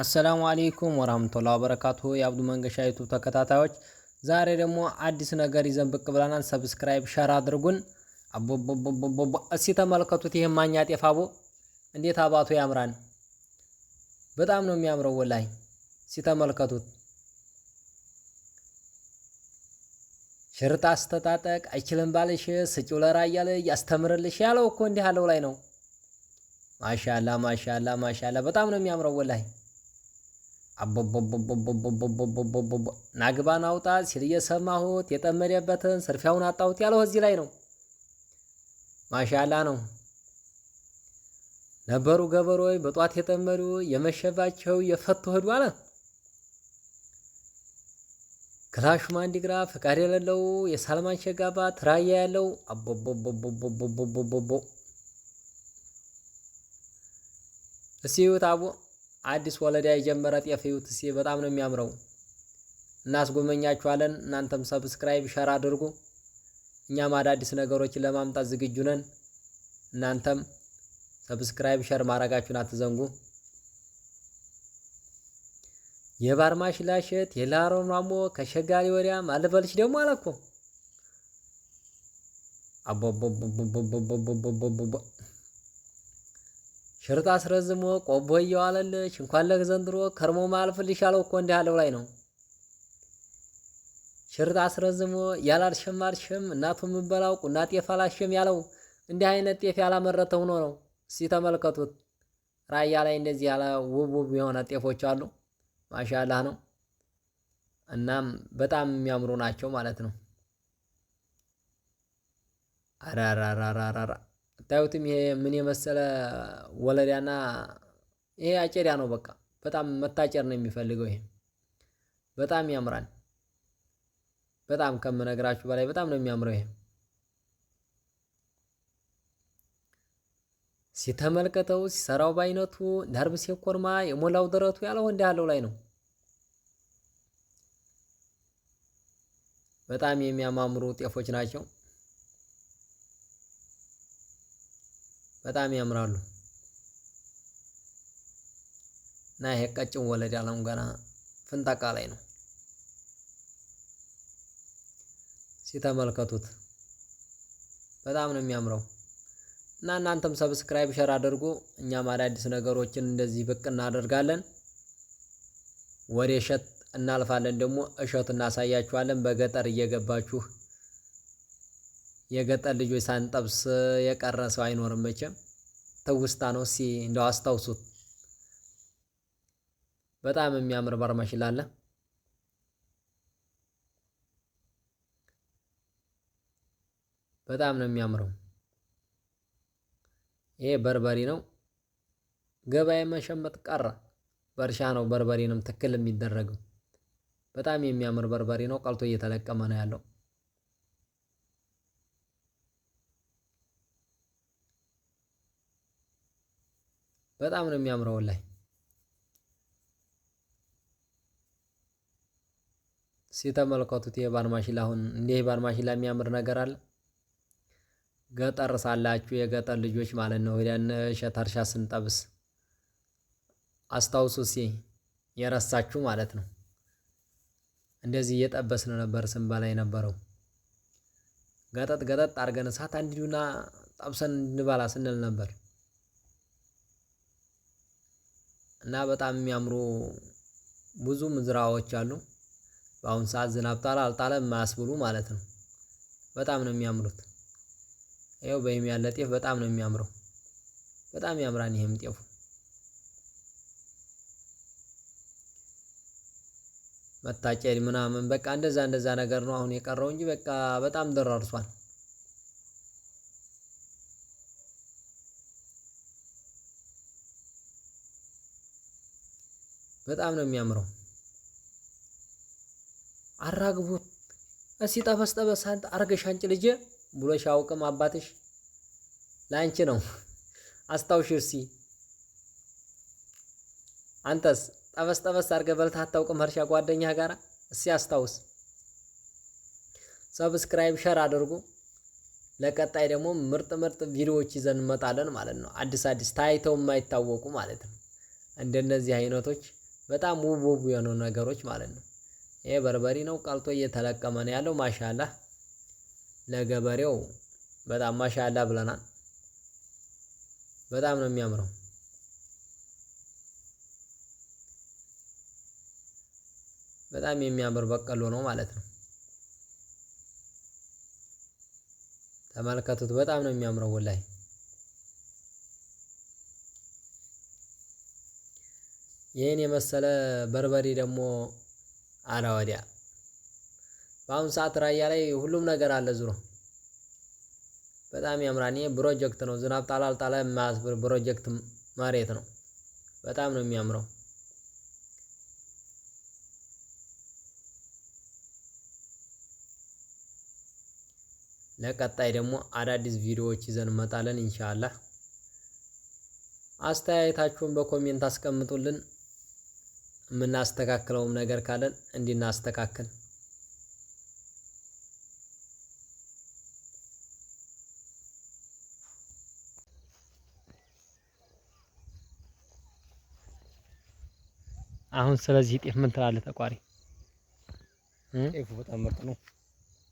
አሰላሙ አሌይኩም ወራህመቱላሂ ወበረካቱ የአብዱ መንገሻ ዩቱብ ተከታታዮች፣ ዛሬ ደግሞ አዲስ ነገር ይዘን ብቅ ብለናል። ሰብስክራይብ ሸር አድርጉን። አቦ እስቲ ተመልከቱት። ይሄ ማኛ ጤፋቦ እንዴት አባቱ ያምራን! በጣም ነው የሚያምረው። ወላይ እስቲ ተመልከቱት። አስተጣጠቅ አይችልም ባልሽ ስጪው ለራያ ላይ ያስተምርልሽ ያለው እኮ እንዲህ አለው ላይ ነው። ማሻላ ማሻላ ማሻላ በጣም ነው የሚያምረው ወላይ ናግባን አውጣ ሲል እየሰማሁት የጠመደበትን ስርፊያውን አጣሁት ያለው እዚህ ላይ ነው። ማሻላ ነው። ነበሩ ገበሮች በጧት የጠመዱ የመሸባቸው የፈቱ ሄዱ አለ ክላሹ ማንዲግራ ፈቃድ የሌለው የሳልማን ሸጋባ ትራያ ያለው አቦቦቦቦቦቦቦቦ እስዩት አቦ አዲስ ወለዳ የጀመረ ጤፍ ዩት በጣም ነው የሚያምረው። እናስጎመኛችኋለን። እናንተም ሰብስክራይብ ሸር አድርጉ። እኛም አዳዲስ ነገሮችን ለማምጣት ዝግጁ ነን። እናንተም ሰብስክራይብ ሸር ማድረጋችሁን አትዘንጉ። የባርማሽ ላሸት የላሮን ራሞ ከሸጋሪ ወዲያ ማለበልሽ ደግሞ አላኩ አቦ ሽርጥ አስረዝሞ ቆቦ እየዋለልሽ እንኳን ለህ ዘንድሮ ከርሞ ማልፍልሽ ያለው እኮ እንዲህ ያለው ላይ ነው። ሽርጥ አስረዝሞ ያላልሽም አልሽም እናቱ የምበላው ቁና ጤፍ አላሽም ያለው እንዲህ አይነት ጤፍ ያላመረተ ሆኖ ነው። እስኪ ተመልከቱት። ራያ ላይ እንደዚህ ያለ ውብ ውብ የሆነ ጤፎች አሉ። ማሻላህ ነው። እናም በጣም የሚያምሩ ናቸው ማለት ነው። አራራራራራራ ብታዩትም ይሄ ምን የመሰለ ወለዳና ይሄ አጨዳ ነው። በቃ በጣም መታጨር ነው የሚፈልገው። ይሄ በጣም ያምራል። በጣም ከምነግራችሁ በላይ በጣም ነው የሚያምረው። ይሄ ሲተመልከተው ሲሰራው በአይነቱ ዳርብ ኮርማ የሞላው ደረቱ ያለው እንደ ያለው ላይ ነው። በጣም የሚያማምሩ ጤፎች ናቸው። በጣም ያምራሉ። እና ይሄ ቀጭን ወለድ ያለውን ገና ፍንጠቃ ላይ ነው ሲተመልከቱት በጣም ነው የሚያምረው። እና እናንተም ሰብስክራይብ ሸር አድርጉ። እኛም አዳዲስ ነገሮችን እንደዚህ ብቅ እናደርጋለን። ወደ እሸት እናልፋለን። ደግሞ እሸት እናሳያችኋለን። በገጠር እየገባችሁ የገጠር ልጆች ሳንጠብስ የቀረ ሰው አይኖርም። መቼም ትውስታ ነው። እስኪ እንደው አስታውሱት። በጣም የሚያምር በርማሽላ ይላል። በጣም ነው የሚያምረው። ይሄ በርበሪ ነው። ገበያ መሸመት ቀረ። በእርሻ ነው በርበሬንም ትክል የሚደረገው። በጣም የሚያምር በርበሪ ነው። ቀልቶ እየተለቀመ ነው ያለው። በጣም ነው የሚያምረው ላይ ሲተመልከቱት የባን ማሽላ አሁን እንደ የባን ማሽላ የሚያምር ነገር አለ። ገጠር ሳላችሁ የገጠር ልጆች ማለት ነው ወዲያን እሸት እርሻ ስንጠብስ አስታውሱ ሲ የረሳችሁ ማለት ነው። እንደዚህ እየጠበስን ነበር ስንበላ የነበረው ገጠጥ ገጠጥ አድርገን እሳት አንዲዱና ጠብሰን እንበላ ስንል ነበር። እና በጣም የሚያምሩ ብዙ ምዝራዎች አሉ። በአሁን ሰዓት ዝናብ ጣለ አልጣለም ማያስብሉ ማለት ነው። በጣም ነው የሚያምሩት። ይኸው በይም ያለ ጤፍ በጣም ነው የሚያምረው። በጣም ያምራን ይሄም ጤፉ። መታጨድ ምናምን በቃ እንደዛ እንደዛ ነገር ነው አሁን የቀረው እንጂ በቃ በጣም ደራርሷል። በጣም ነው የሚያምረው። አራግቡት እስቲ ጠበስ ጠበስ አርገሽ ሻንጭ ልጄ ብሎሽ አውቅም አባትሽ ለአንቺ ነው። አስታውሽ እርሲ አንተስ ጠበስ ጠበስ አርገ በልታ አታውቅም እርሻ ጓደኛ ጋር እስቲ አስታውስ። ሰብስክራይብ ሸር አድርጉ። ለቀጣይ ደግሞ ምርጥ ምርጥ ቪዲዮዎች ይዘን እንመጣለን ማለት ነው። አዲስ አዲስ ታይተው የማይታወቁ ማለት ነው። እንደነዚህ አይነቶች በጣም ውብ ውብ የሆኑ ነገሮች ማለት ነው። ይሄ በርበሬ ነው ቀልጦ እየተለቀመ ነው ያለው። ማሻላ ለገበሬው በጣም ማሻላ ብለናል። በጣም ነው የሚያምረው። በጣም የሚያምር በቀሎ ነው ማለት ነው። ተመልከቱት። በጣም ነው የሚያምረው ወላይ ይህን የመሰለ በርበሬ ደግሞ አለ ወዲያ። በአሁኑ ሰዓት ራያ ላይ ሁሉም ነገር አለ ዙሮ በጣም ያምራል። ይሄ ፕሮጀክት ነው። ዝናብ ጣላል አልጣለ የማያስብር ፕሮጀክት መሬት ነው። በጣም ነው የሚያምረው። ለቀጣይ ደግሞ አዳዲስ ቪዲዮዎች ይዘን እንመጣለን። ኢንሻአላህ አስተያየታችሁን በኮሜንት አስቀምጡልን። የምናስተካክለውም ነገር ካለን እንድናስተካክል አሁን ስለዚህ ጤፍ ምን ትላለህ? ተቋሪ ጤፉ በጣም ምርጥ ነው።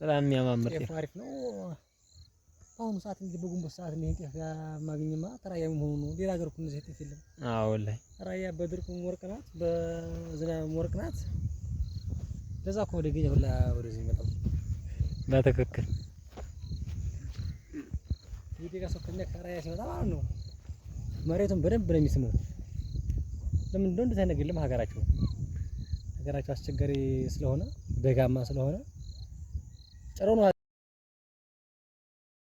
በጣም የሚያማምር ጤፍ አሪፍ ነው። በአሁኑ ሰዓት እንግዲህ በጉንበት ሰዓት ላይ ጤፍ ማግኘማ ተራያ መሆኑ ነው። ሌላ ሀገር እኮ እንደዚህ ጤፍ የለም። አዎ ላይ ተራያ በድርቁም ወርቅ ናት፣ በዝናብም ወርቅ ናት። ለዛ እኮ ወደ ገኛ ሁላ ወደዚህ ይመጣው በትክክል የደጋ ሰው ከነ ከራያ ሲመጣ ማለት ነው መሬቱን በደንብ ነው የሚስመው። ለምን እንደው እንደዚህ አይነት የለም ሀገራቸው ሀገራቸው አስቸጋሪ ስለሆነ ደጋማ ስለሆነ ጥሩ ነው።